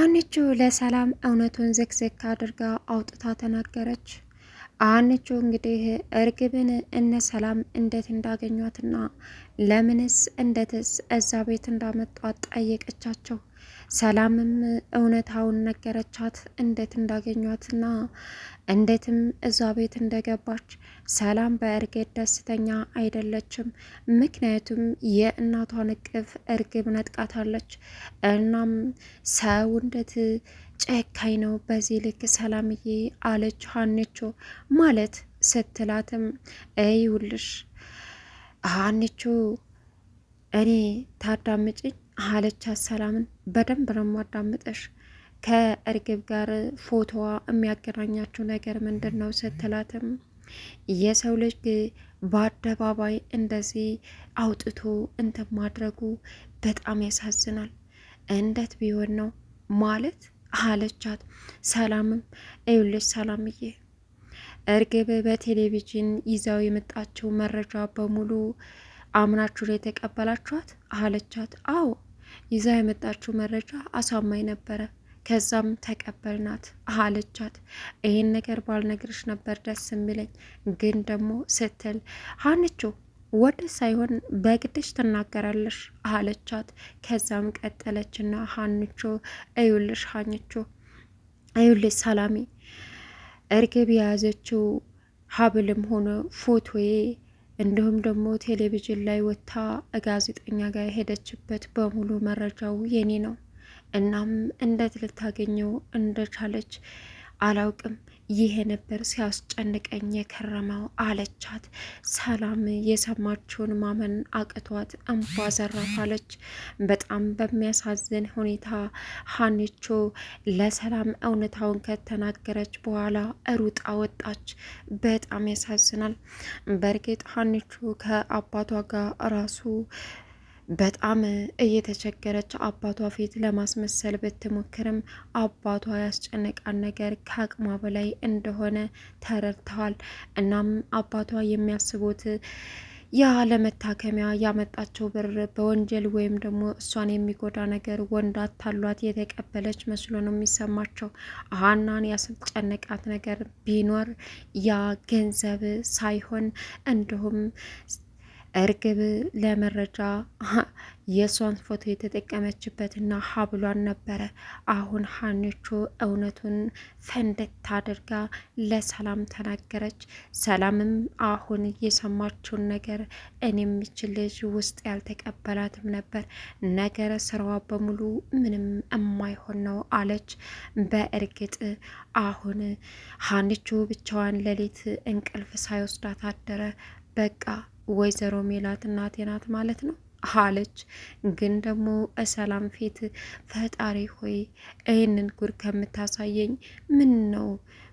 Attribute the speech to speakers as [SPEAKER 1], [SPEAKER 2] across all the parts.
[SPEAKER 1] አንቹ ለሰላም እውነቱን ዘክዘክ አድርጋ አውጥታ ተናገረች። አንቹ እንግዲህ እርግብን እነ ሰላም እንዴት እንዳገኟትና ለምንስ እንዴትስ እዛ ቤት እንዳመጧት ጠየቀቻቸው። ሰላምም እውነታውን ነገረቻት፣ እንዴት እንዳገኟትና እንዴትም እዛ ቤት እንደገባች። ሰላም በእርግብ ደስተኛ አይደለችም። ምክንያቱም የእናቷን እቅፍ እርግብ ነጥቃታለች። እናም ሰው እንዴት ጨካኝ ነው በዚህ ልክ ሰላምዬ አለች ሀንቾ ማለት ስትላትም እይውልሽ ሀንቾ እኔ ታዳምጭኝ አለቻት ሰላምን። በደንብ ነው የማዳምጥሽ ከእርግብ ጋር ፎቶዋ የሚያገናኛችሁ ነገር ምንድን ነው ስትላትም የሰው ልጅ በአደባባይ እንደዚህ አውጥቶ እንትን ማድረጉ በጣም ያሳዝናል። እንዴት ቢሆን ነው ማለት አለቻት። ሰላምም እዩልሽ ሰላምዬ እርግብ በቴሌቪዥን ይዘው የመጣችው መረጃ በሙሉ አምናችሁ ላይ የተቀበላችኋት አለቻት። አዎ ይዛ የመጣችው መረጃ አሳማኝ ነበረ። ከዛም ተቀበልናት አለቻት። ይሄን ነገር ባልነግርሽ ነበር ደስ የሚለኝ ግን ደግሞ ስትል ሀንቾ ወደ ሳይሆን በግድሽ ትናገራለሽ አለቻት። ከዛም ቀጠለችና ሀንቾ እዩልሽ ሀንቾ እዩልሽ ሰላሜ እርግብ የያዘችው ሀብልም ሆኖ ፎቶዬ እንዲሁም ደግሞ ቴሌቪዥን ላይ ወጥታ ጋዜጠኛ ጋር የሄደችበት በሙሉ መረጃው የኔ ነው። እናም እንዴት ልታገኘው እንደቻለች አላውቅም። ይሄ ነበር ሲያስጨንቀኝ የከረመው አለቻት። ሰላም የሰማችውን ማመን አቅቷት እንባ ዘራፋለች። በጣም በሚያሳዝን ሁኔታ ሀኒቾ ለሰላም እውነታውን ከተናገረች በኋላ ሩጣ ወጣች። በጣም ያሳዝናል። በእርግጥ ሀኒቾ ከአባቷ ጋር ራሱ በጣም እየተቸገረች አባቷ ፊት ለማስመሰል ብትሞክርም አባቷ ያስጨነቃን ነገር ከአቅሟ በላይ እንደሆነ ተረድተዋል። እናም አባቷ የሚያስቡት ያ ለመታከሚያ ያመጣቸው ብር በወንጀል ወይም ደግሞ እሷን የሚጎዳ ነገር ወንዳት ታሏት የተቀበለች መስሎ ነው የሚሰማቸው። ሀናን ያስጨነቃት ነገር ቢኖር ያ ገንዘብ ሳይሆን እንዲሁም እርግብ ለመረጃ የእሷን ፎቶ የተጠቀመችበትና ሀብሏን ነበረ። አሁን ሀኒቾ እውነቱን ፈንደት አድርጋ ለሰላም ተናገረች። ሰላምም አሁን የሰማችውን ነገር እኔ የሚችል ልጅ ውስጥ ያልተቀበላትም ነበር ነገረ ስራዋ በሙሉ ምንም የማይሆን ነው አለች። በእርግጥ አሁን ሀኒቾ ብቻዋን ሌሊት እንቅልፍ ሳይወስዳት አደረ። በቃ ወይዘሮ ሜላት እናቴ ናት ማለት ነው አለች። ግን ደግሞ ሰላም ፊት ፈጣሪ ሆይ ይህንን ጉድ ከምታሳየኝ ምን ነው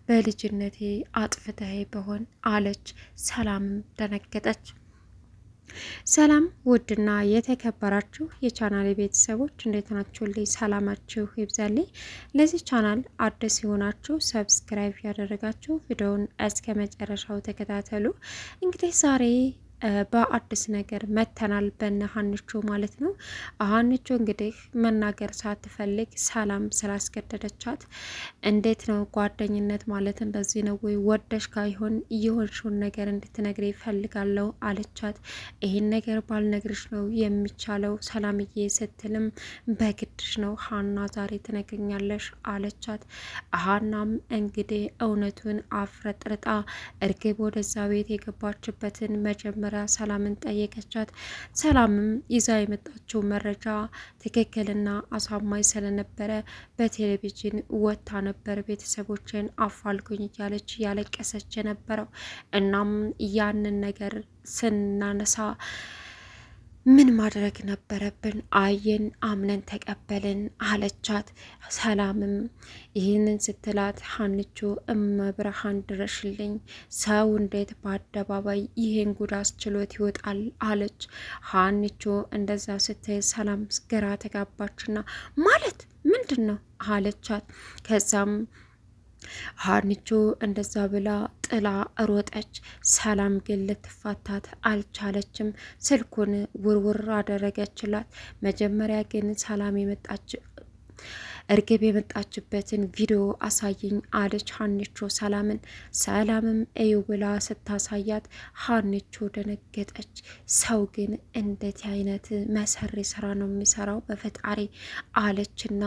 [SPEAKER 1] በልጅነቴ አጥፍተህ በሆን አለች። ሰላምም ደነገጠች። ሰላም ውድና የተከበራችሁ የቻናል ቤተሰቦች እንዴት ናችሁ? ልይ ሰላማችሁ ይብዛልኝ። ለዚህ ቻናል አዲስ የሆናችሁ ሰብስክራይብ ያደረጋችሁ ቪዲዮውን እስከ መጨረሻው ተከታተሉ። እንግዲህ ዛሬ በአዲስ ነገር መተናል በነ ሀንቾ ማለት ነው። ሀንቾ እንግዲህ መናገር ሳትፈልግ ሰላም ስላስገደደቻት እንዴት ነው ጓደኝነት ማለትም በዚህ ነው ወይ ወደሽ ካይሆን የሆንሽውን ነገር እንድትነግሪ ይፈልጋለሁ አለቻት። ይህን ነገር ባልነግርሽ ነው የሚቻለው ሰላምዬ ስትልም በግድሽ ነው ሀና ዛሬ ትነግርኛለሽ አለቻት። ሀናም እንግዲህ እውነቱን አፍረጥርጣ እርግብ ወደዛ ቤት የገባችበትን መጀመር መጀመሪያ ሰላምን ጠየቀቻት። ሰላምም ይዛ የመጣችው መረጃ ትክክልና አሳማኝ ስለነበረ በቴሌቪዥን ወታ ነበር ቤተሰቦችን አፋልጉኝ እያለች እያለቀሰች የነበረው። እናም ያንን ነገር ስናነሳ ምን ማድረግ ነበረብን? አየን፣ አምነን ተቀበልን አለቻት። ሰላምም ይህንን ስትላት ሀንቹ እመብርሃን ድረሽልኝ፣ ሰው እንዴት በአደባባይ ይህን ጉዳስ ችሎት ይወጣል? አለች። ሀንቹ እንደዛ ስትል ሰላም ግራ ተጋባችና ማለት ምንድን ነው አለቻት። ከዛም ሀኒቾ እንደዛ ብላ ጥላ ሮጠች። ሰላም ግን ልትፋታት አልቻለችም። ስልኩን ውርውር አደረገችላት። መጀመሪያ ግን ሰላም የመጣች እርግብ የመጣችበትን ቪዲዮ አሳይኝ አለች ሀኒቾ ሰላምን። ሰላምም እዩ ብላ ስታሳያት ሀኒቾ ደነገጠች። ሰው ግን እንዴት አይነት መሰሪ ስራ ነው የሚሰራው በፈጣሪ አለችና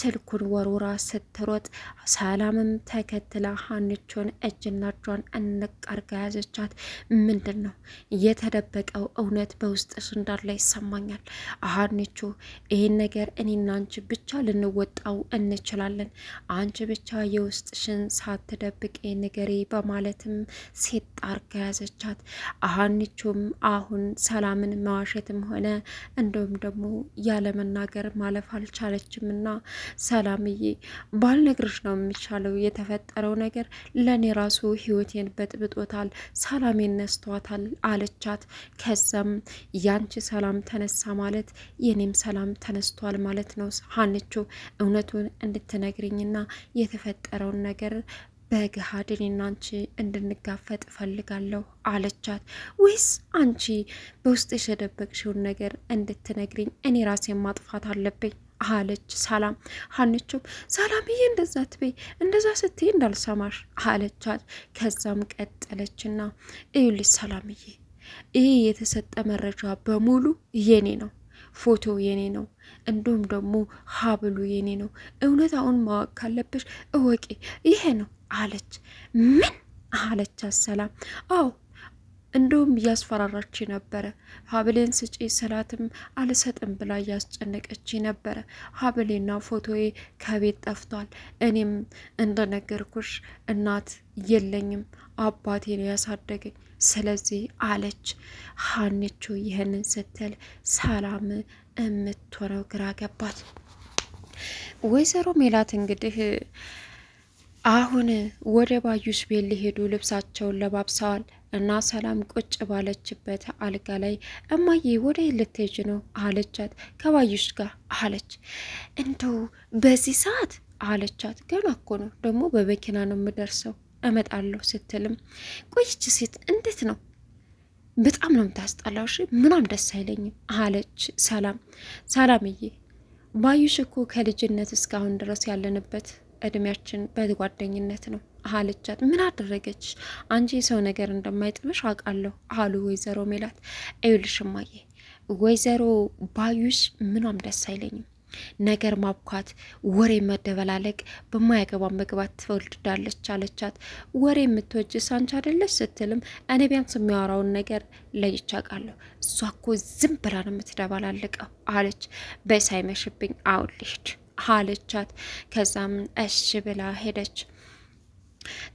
[SPEAKER 1] ስልኩን ወርውራ ስትሮጥ፣ ሰላምም ተከትላ ሀኒቾን እጅና እጇን እንቀርጋ ያዘቻት። ምንድን ነው የተደበቀው እውነት በውስጥሽ እንዳለ ይሰማኛል ሀኒቾ፣ ይህን ነገር እኔና አንቺ ብቻ ልንወጥ ልንወጣው እንችላለን። አንቺ ብቻ የውስጥሽን ሳትደብቄ ንገሬ በማለትም ሴት አርጋ ያዘቻት። አሀኒቹም አሁን ሰላምን መዋሸትም ሆነ እንደውም ደግሞ ያለመናገር ማለፍ አልቻለችም እና ሰላምዬ ባልነግርሽ ነው የሚቻለው የተፈጠረው ነገር ለእኔ ራሱ ህይወቴን በጥብጦታል፣ ሰላሜን ነስቷታል አለቻት። ከዛም ያንቺ ሰላም ተነሳ ማለት የኔም ሰላም ተነስቷል ማለት ነው ሀኒቹ እውነቱን እንድትነግርኝና የተፈጠረውን ነገር በግሃድን እኔና አንቺ እንድንጋፈጥ እፈልጋለሁ አለቻት። ወይስ አንቺ በውስጥ የተደበቅሽውን ነገር እንድትነግርኝ እኔ ራሴ ማጥፋት አለብኝ አለች ሰላም። ሀንቹም ሰላምዬ እንደዛ ትቤ እንደዛ ስትይ እንዳልሰማሽ አለቻት። ከዛም ቀጠለችና እዩልሽ ሰላምዬ፣ ይህ የተሰጠ መረጃ በሙሉ የኔ ነው ፎቶ የኔ ነው፣ እንዲሁም ደግሞ ሀብሉ የኔ ነው። እውነታውን ማወቅ ካለብሽ እወቂ፣ ይሄ ነው አለች። ምን አለች ሰላም? አዎ እንዲሁም እያስፈራራች ነበረ። ሀብሌን ስጪ ስላትም አልሰጥም ብላ እያስጨነቀች ነበረ። ሀብሌና ፎቶዬ ከቤት ጠፍቷል። እኔም እንደነገርኩሽ እናት የለኝም፣ አባቴ ነው ያሳደገኝ። ስለዚህ አለች ሀንቹ። ይህንን ስትል ሰላም እምትሆነው ግራ ገባት። ወይዘሮ ሜላት እንግዲህ አሁን ወደ ባዩሽ ቤት ሊሄዱ ልብሳቸውን ለባብሰዋል። እና ሰላም ቁጭ ባለችበት አልጋ ላይ እማዬ ወደ ልትሄጂ ነው አለቻት። ከባዩሽ ጋር አለች። እንደው በዚህ ሰዓት አለቻት። ገና እኮ ነው ደግሞ በመኪና ነው የምደርሰው እመጣለሁ ስትልም ቆይች ሴት እንዴት ነው በጣም ነው የምታስጠላው። እሺ ምናም ደስ አይለኝም አለች ሰላም። ሰላምዬ ባዩሽ እኮ ከልጅነት እስካሁን ድረስ ያለንበት እድሜያችን በጓደኝነት ነው አለቻት። ምን አደረገች? አንቺ የሰው ነገር እንደማይጥምሽ አውቃለሁ አሉ ወይዘሮ ሜላት። እዩልሽ እማዬ፣ ወይዘሮ ባዩሽ ምኗም ደስ አይለኝም። ነገር ማብኳት፣ ወሬ መደበላለቅ፣ በማያገባ መግባት ትወልዳለች አለቻት። ወሬ የምትወጅ ሳንቺ አይደለች ስትልም እኔ ቢያንስ የሚያወራውን ነገር ለይቻ አውቃለሁ። እሷ እኮ ዝም ብላ ነው የምትደባላለቀው አለች። በሳይመሽብኝ አውልሽድ አለቻት። ከዛም እሺ ብላ ሄደች።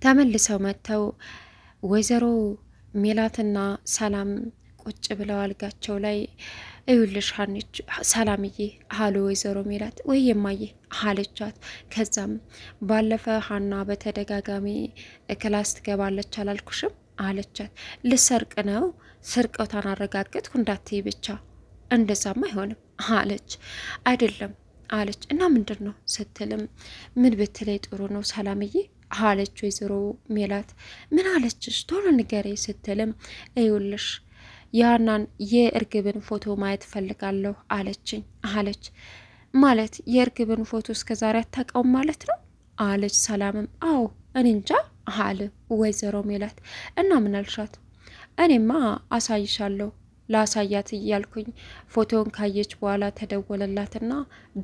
[SPEAKER 1] ተመልሰው መጥተው ወይዘሮ ሜላትና ሰላም ቁጭ ብለው አልጋቸው ላይ እዩልሽ ሀንች ሰላምዬ አሉ ወይዘሮ ሜላት ወይ የማየ አለቻት። ከዛም ባለፈ ሀና በተደጋጋሚ ክላስ ትገባለች አላልኩሽም አለቻት። ልሰርቅ ነው ስርቆታን አረጋገጥኩ እንዳትዪ ብቻ እንደዛም አይሆንም አለች። አይደለም አለች እና ምንድን ነው ስትልም ምን ብትለይ ጥሩ ነው ሰላምዬ አለች ወይዘሮ ሜላት። ምን አለችሽ? ቶሎ ንገሬ ስትልም እዩልሽ ያናን የእርግብን ፎቶ ማየት ፈልጋለሁ አለችኝ አለች። ማለት የእርግብን ፎቶ እስከ ዛሬ አታውቀውም ማለት ነው አለች ሰላምም። አዎ እኔ እንጃ አለ ወይዘሮ ሜላት። እና ምን አልሻት? እኔማ አሳይሻለሁ ላሳያት እያልኩኝ ፎቶን ካየች በኋላ ተደወለላትና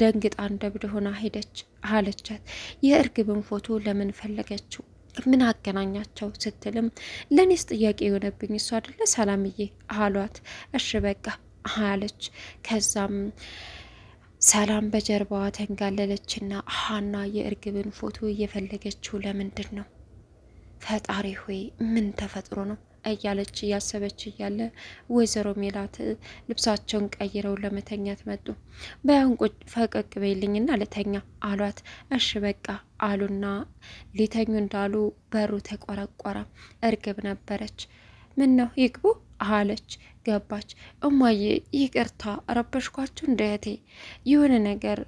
[SPEAKER 1] ደንግጣ እንደብድ ሆና ሄደች አለቻት። የእርግብን ፎቶ ለምን ፈለገችው? ምን አገናኛቸው ስትልም ለእኔስ ጥያቄ የሆነብኝ እሱ አደለ ሰላምዬ አሏት። እሽ በቃ አለች። ከዛም ሰላም በጀርባዋ ተንጋለለችና ሀና የእርግብን ፎቶ እየፈለገችው ለምንድን ነው? ፈጣሪ ሆይ ምን ተፈጥሮ ነው እያለች እያሰበች እያለ ወይዘሮ ሜላት ልብሳቸውን ቀይረው ለመተኛት መጡ። ቁጭ ፈቀቅ በይልኝና ልተኛ አሏት። እሽ በቃ አሉና ሊተኙ እንዳሉ በሩ ተቆረቆረ። እርግብ ነበረች። ምን ነው ይግቡ አለች። ገባች። እማዬ ይቅርታ ረበሽኳችሁ እንደ እህቴ የሆነ ነገር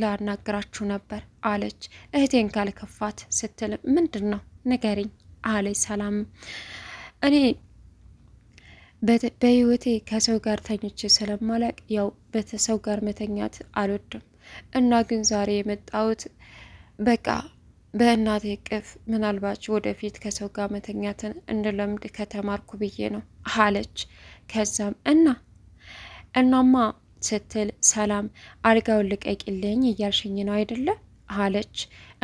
[SPEAKER 1] ላናግራችሁ ነበር አለች። እህቴን ካልከፋት ስትል ምንድን ነው ንገሪኝ አለች ሰላም እኔ በህይወቴ ከሰው ጋር ተኝቼ ስለማላቅ ያው በተሰው ጋር መተኛት አልወድም እና ግን ዛሬ የመጣሁት በቃ በእናቴ እቅፍ ምናልባች ወደፊት ከሰው ጋር መተኛትን እንድለምድ ከተማርኩ ብዬ ነው አለች። ከዛም እና እናማ ስትል ሰላም አልጋውን ልቀቂልኝ እያልሽኝ ነው አይደለ አለች።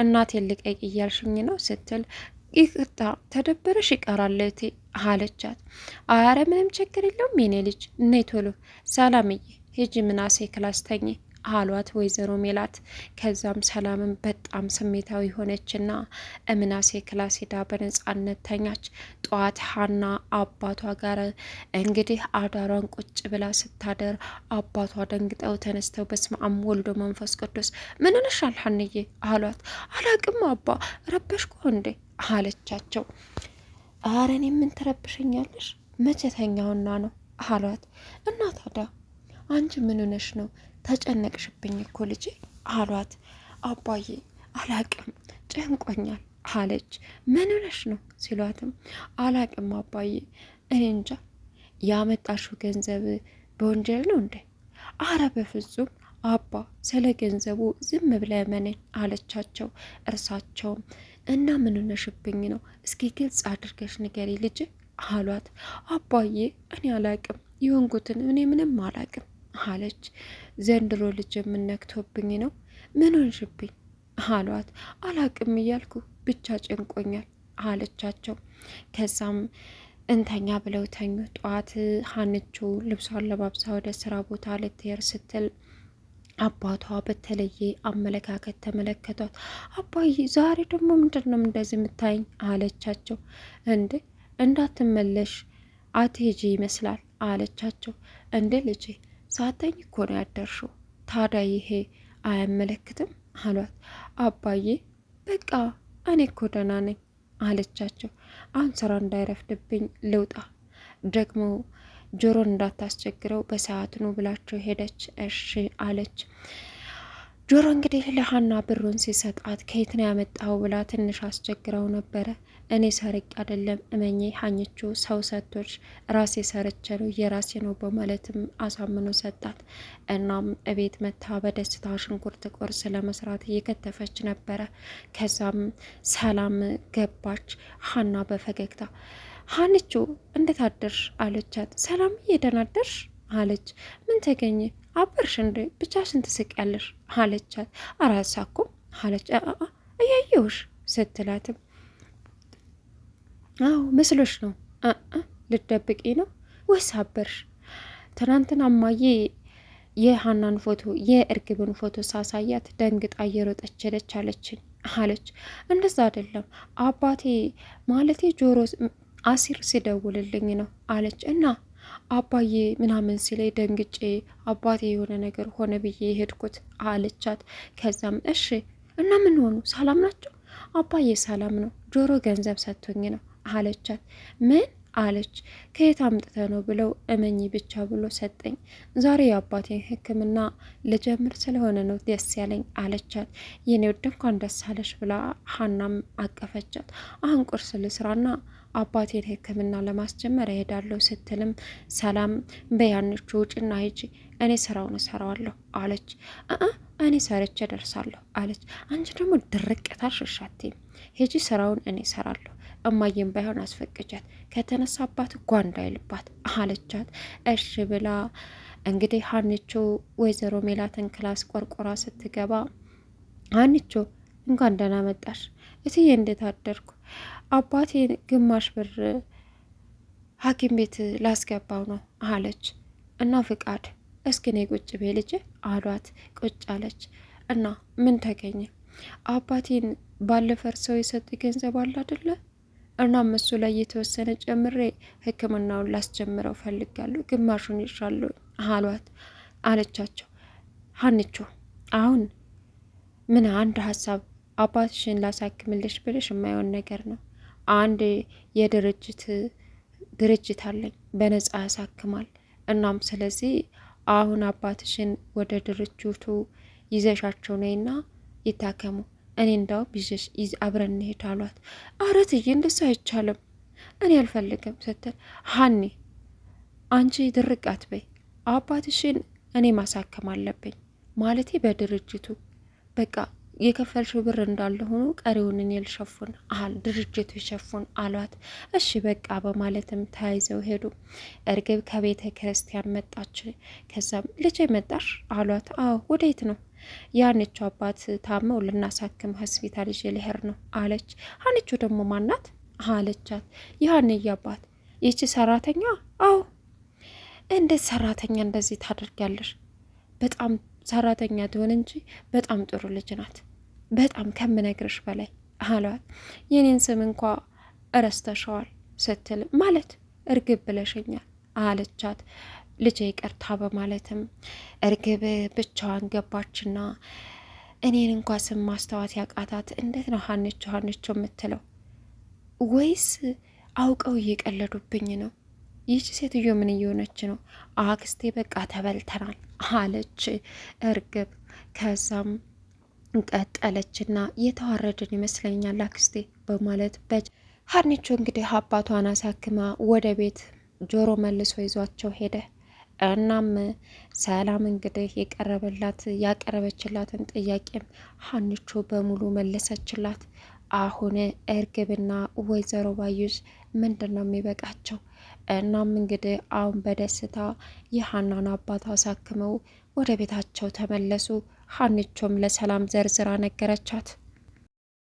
[SPEAKER 1] እናቴን ልቀቂ እያልሽኝ ነው ስትል ይቅርታ ተደበረሽ ይቀራል እህቴ አለቻት። አረ ምንም ችግር የለውም የኔ ልጅ እኔ ቶሎ ሰላምዬ ሂጂ ምናሴ ክላስተኝ አሏት ወይዘሮ ሜላት። ከዛም ሰላምን በጣም ስሜታዊ ሆነችና እምናሴ ክላስ ሄዳ በነጻነት ተኛች። ጠዋት ሀና አባቷ ጋር እንግዲህ አዳሯን ቁጭ ብላ ስታደር አባቷ ደንግጠው ተነስተው በስመ አብ ወልዶ መንፈስ ቅዱስ ምን ሆነሻል ሀንዬ አሏት። አላቅም አባ ረበሽኩ እንዴ አለቻቸው። አረ እኔ ምን ትረብሽኛለሽ መቼ ተኛውና ነው አሏት። እና ታዲያ አንቺ ምን ሆነሽ ነው ተጨነቅሽብኝ እኮ ልጄ አሏት። አባዬ አላቅም ጨንቆኛል አለች። ምን ሆነሽ ነው ሲሏትም አላቅም አባዬ እኔ እንጃ። ያመጣሽው ገንዘብ በወንጀል ነው እንዴ? አረ በፍጹም አባ ስለ ገንዘቡ ዝም ብለ መነኝ አለቻቸው። እርሳቸውም እና ምን ሆነሽብኝ ነው እስኪ ግልጽ አድርገሽ ንገሪ ልጅ አሏት። አባዬ እኔ አላቅም የወንጉትን እኔ ምንም አላቅም አለች። ዘንድሮ ልጅ የምነክቶብኝ ነው ምን ሆንሽብኝ አሏት። አላቅም እያልኩ ብቻ ጭንቆኛል አለቻቸው። ከዛም እንተኛ ብለው ተኙ። ጠዋት ሀንቾ ልብሷን ለባብሳ ወደ ስራ ቦታ ልትሄድ ስትል አባቷ በተለየ አመለካከት ተመለከቷት። አባዬ ዛሬ ደግሞ ምንድን ነው እንደዚህ የምታይኝ? አለቻቸው። እንዴ እንዳትመለሽ አትሄጂ ይመስላል አለቻቸው። እንዴ ልጄ ሳተኝ እኮ ነው ያደርሽው። ታዲያ ይሄ አያመለክትም አሏት። አባዬ በቃ እኔ እኮ ደህና ነኝ አለቻቸው። አሁን ስራ እንዳይረፍድብኝ ልውጣ፣ ደግሞ ጆሮን እንዳታስቸግረው በሰዓት ኑ ብላቸው ሄደች። እሺ አለች። ጆሮ እንግዲህ ለሀና ብሩን ሲሰጣት ከየት ነው ብላ ትንሽ አስቸግረው ነበረ። እኔ ሰርቅ አይደለም እመኜ ሀኝቹ ሰው ሰቶች ራሴ ሰርቼ ነው የራሴ ነው በማለትም አሳምኖ ሰጣት። እናም እቤት መታ በደስታ ሽንኩርት ቁርስ ለመስራት እየከተፈች ነበረ። ከዛም ሰላም ገባች። ሀና በፈገግታ ሀንቹ እንዴት አደርሽ አለቻት። ሰላም እየደናደርሽ አለች። ምን ተገኘ አበርሽ እንዴ ብቻሽን ትስቂያለሽ አለቻት። አራሳኩም አለች እያየሁሽ ስትላትም አዎ መስሎሽ ነው። ልደብቂ ነው ወይስ አበርሽ? ትናንትና እማዬ የሀናን ፎቶ የእርግብን ፎቶ ሳሳያት ደንግጣ እየሮጠች ሄደች አለችኝ አለች። እንደዛ አይደለም አባቴ ማለቴ ጆሮ አሲር ሲደውልልኝ ነው አለች። እና አባዬ ምናምን ሲለይ ደንግጬ አባቴ የሆነ ነገር ሆነ ብዬ ሄድኩት አለቻት። ከዛም እሺ እና ምን ሆኑ ሰላም ናቸው? አባዬ ሰላም ነው፣ ጆሮ ገንዘብ ሰጥቶኝ ነው አለቻት። ምን አለች። ከየት አምጥተ ነው ብለው እመኚ ብቻ ብሎ ሰጠኝ። ዛሬ የአባቴን ሕክምና ልጀምር ስለሆነ ነው ደስ ያለኝ አለቻት። የኔ ውድ እንኳን ደስ አለሽ ብላ ሀናም አቀፈቻት። አሁን ቁርስ ልስራና አባቴን ሕክምና ለማስጀመር እሄዳለሁ ስትልም ሰላም በያንቹ ውጭና ሂጂ፣ እኔ ስራውን እሰራዋለሁ አለች። እኔ ሰርቼ ደርሳለሁ አለች። አንቺ ደግሞ ድርቅታ ታሽሻቴ ሄጂ፣ ስራውን እኔ እሰራለሁ እማዬም ባይሆን አስፈቅጃት ከተነሳባት ጓንዳ ይልባት አለቻት። እሺ ብላ እንግዲህ ሀንቾ ወይዘሮ ሜላትን ክላስ ቆርቆራ ስትገባ ሀንቾ እንኳን ደህና መጣሽ እትዬ፣ እንዴት አደርኩ? አባቴን ግማሽ ብር ሐኪም ቤት ላስገባው ነው አለች። እና ፍቃድ እስኪ እኔ ቁጭ ቤ ልጅ አሏት። ቁጭ አለች። እና ምን ተገኘ? አባቴን ባለፈርሰው ሰው የሰጡ ገንዘብ አለ አደለ እና እሱ ላይ የተወሰነ ጨምሬ ህክምናውን ላስጀምረው ፈልጋለሁ ግማሹን ይሻሉ አሏት አለቻቸው። ሀንቾ አሁን ምን አንድ ሀሳብ አባትሽን ላሳክምልሽ ብልሽ የማይሆን ነገር ነው። አንድ የድርጅት ድርጅት አለኝ በነጻ ያሳክማል። እናም ስለዚህ አሁን አባትሽን ወደ ድርጅቱ ይዘሻቸው ነይና ይታከሙ እኔ እንዳውም ይዤሽ አብረን እንሄድ አሏት። አረ ትዬ እንደሱ አይቻልም እኔ አልፈልግም ስትል ሀኒ አንቺ ድርቃት በይ አባትሽን እኔ ማሳከም አለብኝ ማለቴ በድርጅቱ በቃ የከፈልሽው ብር እንዳለ ሆኖ ቀሪውን እኔ ልሸፉን አል ድርጅቱ ይሸፉን አሏት። እሺ በቃ በማለትም ተያይዘው ሄዱ። እርግብ ከቤተ ክርስቲያን መጣች። ከዛም ልጄ መጣሽ አሏት። አዎ ወዴት ነው የሀኒቾ አባት ታመው ልናሳክም ሆስፒታል ይዤ ልሄድ ነው አለች። ሀኒቾ ደግሞ ማናት አለቻት። የሀኒዬ አባት ይቺ ሰራተኛ? አዎ። እንዴት ሰራተኛ እንደዚህ ታደርጋለሽ? በጣም ሰራተኛ ትሆን እንጂ በጣም ጥሩ ልጅ ናት፣ በጣም ከምነግርሽ በላይ አሏት። የኔን ስም እንኳ እረስተሸዋል ስትል ማለት እርግብ ብለሽኛል አለቻት። ልጄ ይቅርታ በማለትም እርግብ ብቻዋን ገባችና እኔን እንኳ ስም ማስተዋት ያቃታት እንዴት ነው ሀንቾ ሀንቾ የምትለው? ወይስ አውቀው እየቀለዱብኝ ነው? ይህች ሴትዮ ምን እየሆነች ነው? አክስቴ በቃ ተበልተናል አለች እርግብ። ከዛም ቀጠለችና የተዋረድን ይመስለኛል አክስቴ በማለት በጅ ሀንቾ እንግዲህ አባቷን አሳክማ ወደ ቤት ጆሮ መልሶ ይዟቸው ሄደ። እናም ሰላም እንግዲህ የቀረበላት ያቀረበችላትን ጥያቄም ሀንቾ በሙሉ መለሰችላት። አሁን እርግብና ወይዘሮ ባዩሽ ምንድን ነው የሚበቃቸው? እናም እንግዲህ አሁን በደስታ የሀናን አባት አሳክመው ወደ ቤታቸው ተመለሱ። ሀንቾም ለሰላም ዘርዝራ ነገረቻት።